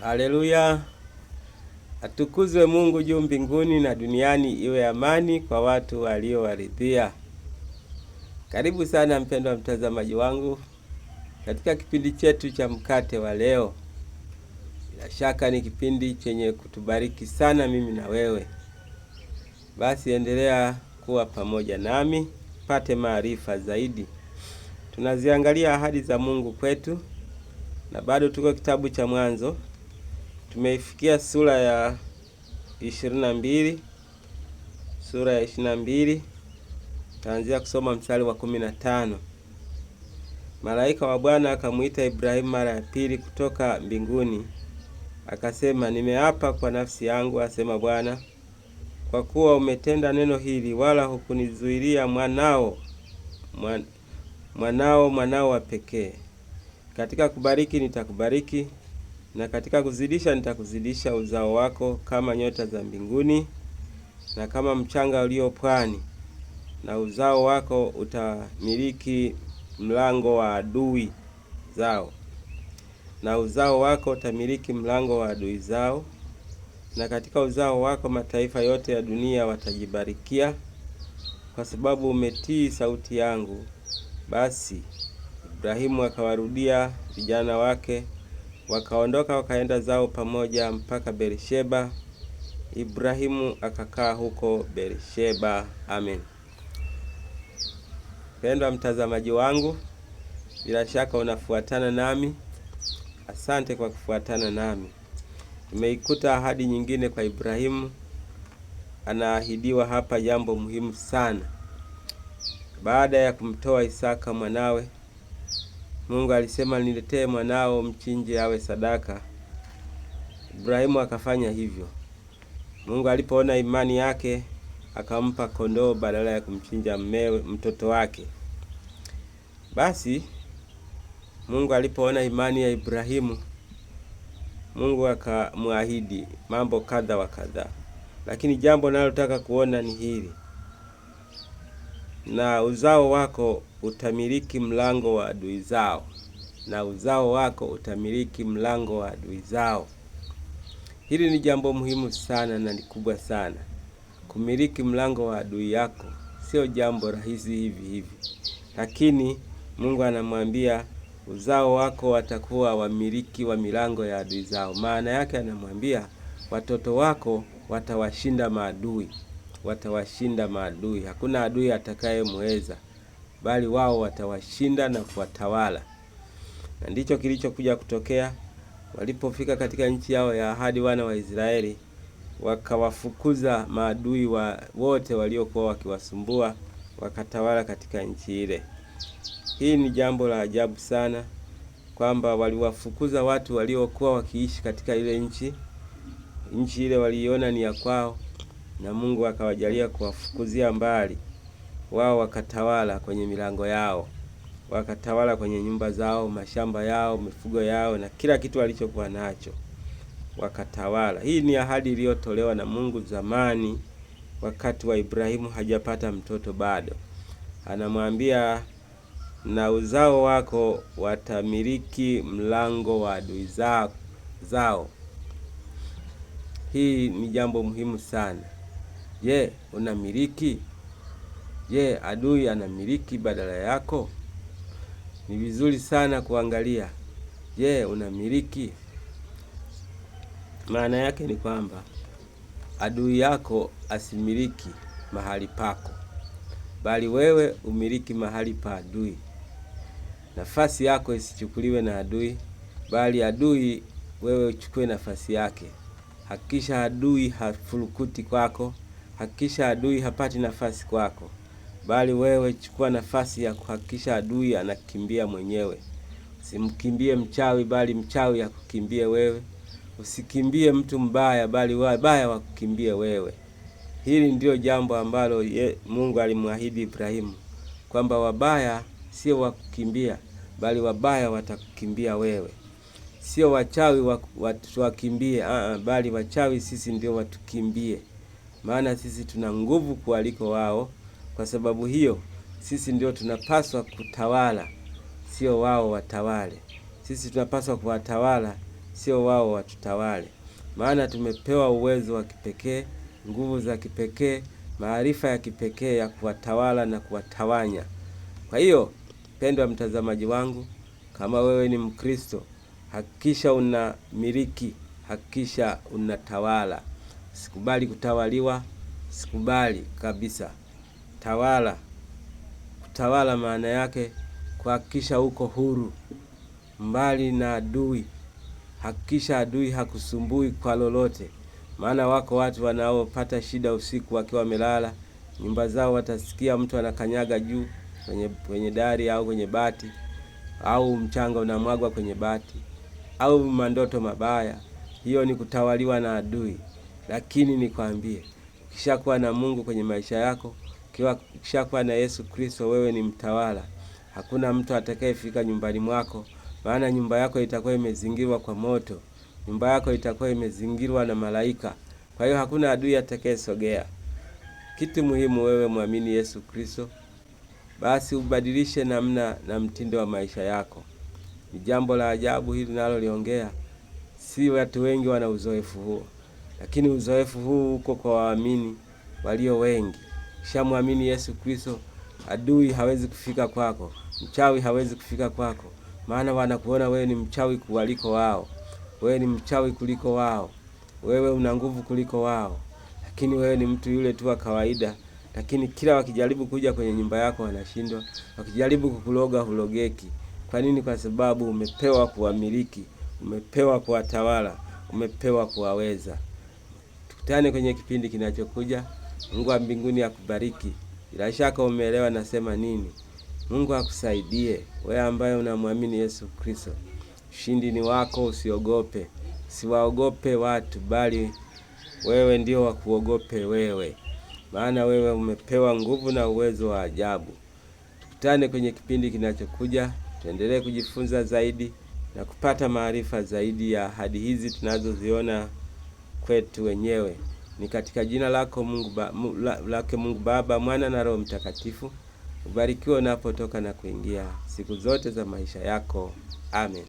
Haleluya, atukuzwe Mungu juu mbinguni, na duniani iwe amani kwa watu waliowaridhia. Karibu sana mpendwa mtazamaji wangu katika kipindi chetu cha mkate wa leo. Bila shaka ni kipindi chenye kutubariki sana mimi na wewe. Basi endelea kuwa pamoja nami, pate maarifa zaidi. Tunaziangalia ahadi za Mungu kwetu na bado tuko kitabu cha Mwanzo Tumeifikia sura ya ishirini na mbili sura ya ishirini na mbili taanzia kusoma mstari wa kumi na tano. Malaika wa Bwana akamwita Ibrahimu mara ya pili kutoka mbinguni akasema, nimeapa kwa nafsi yangu, asema Bwana, kwa kuwa umetenda neno hili, wala hukunizuilia mwanao mwanao mwanao wa pekee, katika kubariki nitakubariki na katika kuzidisha nitakuzidisha uzao wako kama nyota za mbinguni na kama mchanga ulio pwani, na uzao wako utamiliki mlango wa adui zao, na uzao wako utamiliki mlango wa adui zao, na katika uzao wako mataifa yote ya dunia watajibarikia, kwa sababu umetii sauti yangu. Basi Ibrahimu akawarudia vijana wake Wakaondoka wakaenda zao pamoja mpaka Beersheba. Ibrahimu akakaa huko Beersheba. Amen. Pendwa mtazamaji wangu, bila shaka unafuatana nami. Asante kwa kufuatana nami. Nimeikuta ahadi nyingine kwa Ibrahimu, anaahidiwa hapa jambo muhimu sana, baada ya kumtoa Isaka mwanawe Mungu alisema niletee mwanao mchinje awe sadaka. Ibrahimu akafanya hivyo. Mungu alipoona imani yake akampa kondoo badala ya kumchinja mmewe mtoto wake. Basi Mungu alipoona imani ya Ibrahimu, Mungu akamwahidi mambo kadha wa kadhaa, lakini jambo nalotaka kuona ni hili, na uzao wako utamiliki mlango wa adui zao, na uzao wako utamiliki mlango wa adui zao. Hili ni jambo muhimu sana na ni kubwa sana. Kumiliki mlango wa adui yako sio jambo rahisi hivi hivi, lakini Mungu anamwambia uzao wako watakuwa wamiliki wa milango ya adui zao. Maana yake anamwambia watoto wako watawashinda maadui, watawashinda maadui. Hakuna adui atakayemweza bali wao watawashinda na kuwatawala. Na ndicho kilichokuja kutokea walipofika katika nchi yao ya ahadi. Wana wa Israeli wakawafukuza maadui wa wote waliokuwa wakiwasumbua, wakatawala katika nchi ile. Hii ni jambo la ajabu sana kwamba waliwafukuza watu waliokuwa wakiishi katika ile nchi. Nchi ile waliiona ni ya kwao, na Mungu akawajalia kuwafukuzia mbali wao wakatawala kwenye milango yao, wakatawala kwenye nyumba zao, mashamba yao, mifugo yao na kila kitu walichokuwa nacho, wakatawala. Hii ni ahadi iliyotolewa na Mungu zamani, wakati wa Ibrahimu hajapata mtoto bado, anamwambia na uzao wako watamiliki mlango wa adui zao Hii ni jambo muhimu sana. Je, unamiliki Je, adui anamiliki badala yako? Ni vizuri sana kuangalia, je, unamiliki? Maana yake ni kwamba adui yako asimiliki mahali pako, bali wewe umiliki mahali pa adui. Nafasi yako isichukuliwe na adui, bali adui wewe uchukue nafasi yake. Hakikisha adui hafurukuti kwako, hakikisha adui hapati nafasi kwako bali wewe chukua nafasi ya kuhakikisha adui anakimbia mwenyewe. simkimbie mchawi, bali mchawi akukimbie wewe. Usikimbie mtu mbaya, bali wabaya wakukimbie wewe. Hili ndiyo jambo ambalo ye, Mungu alimwahidi Ibrahimu kwamba wabaya sio wakukimbia, bali wabaya watakukimbia wewe. Sio wachawi watuwakimbie, ah, ah, bali wachawi sisi ndio watukimbie, maana sisi tuna nguvu kuliko wao kwa sababu hiyo sisi ndio tunapaswa kutawala, sio wao watawale. Sisi tunapaswa kuwatawala, sio wao watutawale, maana tumepewa uwezo wa kipekee, nguvu za kipekee, maarifa ya kipekee ya kuwatawala na kuwatawanya. Kwa hiyo, pendwa mtazamaji wangu, kama wewe ni Mkristo, hakikisha unamiliki, hakikisha unatawala. Sikubali kutawaliwa, sikubali kabisa tawala. Kutawala maana yake kuhakikisha uko huru, mbali na adui. Hakikisha adui hakusumbui kwa lolote, maana wako watu wanaopata shida usiku wakiwa wamelala, nyumba zao watasikia mtu anakanyaga juu kwenye, kwenye dari au kwenye bati au mchanga unamwagwa kwenye bati au mandoto mabaya. Hiyo ni kutawaliwa na adui. Lakini nikwambie, ukishakuwa na Mungu kwenye maisha yako kishakuwa na Yesu Kristo, wewe ni mtawala. Hakuna mtu atakayefika nyumbani mwako, maana nyumba yako itakuwa imezingirwa kwa moto, nyumba yako itakuwa imezingirwa na malaika. Kwa hiyo hakuna adui atakayesogea. Kitu muhimu, wewe mwamini Yesu Kristo, basi ubadilishe namna na mtindo wa maisha yako. Ni jambo la ajabu hili naloliongea, si watu wengi wana uzoefu huo, lakini uzoefu huu uko kwa waamini walio wengi shamwamini Yesu Kristo, adui hawezi kufika kwako, mchawi hawezi kufika kwako, maana wanakuona wewe ni mchawi kuliko wao. Wewe ni mchawi kuliko wao, wewe una nguvu kuliko wao, lakini wewe ni mtu yule tu wa kawaida. Lakini kila wakijaribu kuja kwenye nyumba yako wanashindwa, wakijaribu kukuloga hulogeki. Kwa nini? Kwa sababu umepewa kuwamiliki, umepewa kuwatawala, umepewa kuwaweza. Tukutane kwenye kipindi kinachokuja. Mungu wa mbinguni akubariki. Bila shaka umeelewa nasema nini. Mungu akusaidie wewe ambaye unamwamini Yesu Kristo. Ushindi ni wako, usiogope. Siwaogope watu, bali wewe ndio wakuogope wewe, maana wewe umepewa nguvu na uwezo wa ajabu. Tukutane kwenye kipindi kinachokuja, tuendelee kujifunza zaidi na kupata maarifa zaidi ya ahadi hizi tunazoziona kwetu wenyewe. Ni katika jina lako Mungu ba, lake Mungu Baba, Mwana na Roho Mtakatifu. Ubarikiwe unapotoka na kuingia siku zote za maisha yako. Amen.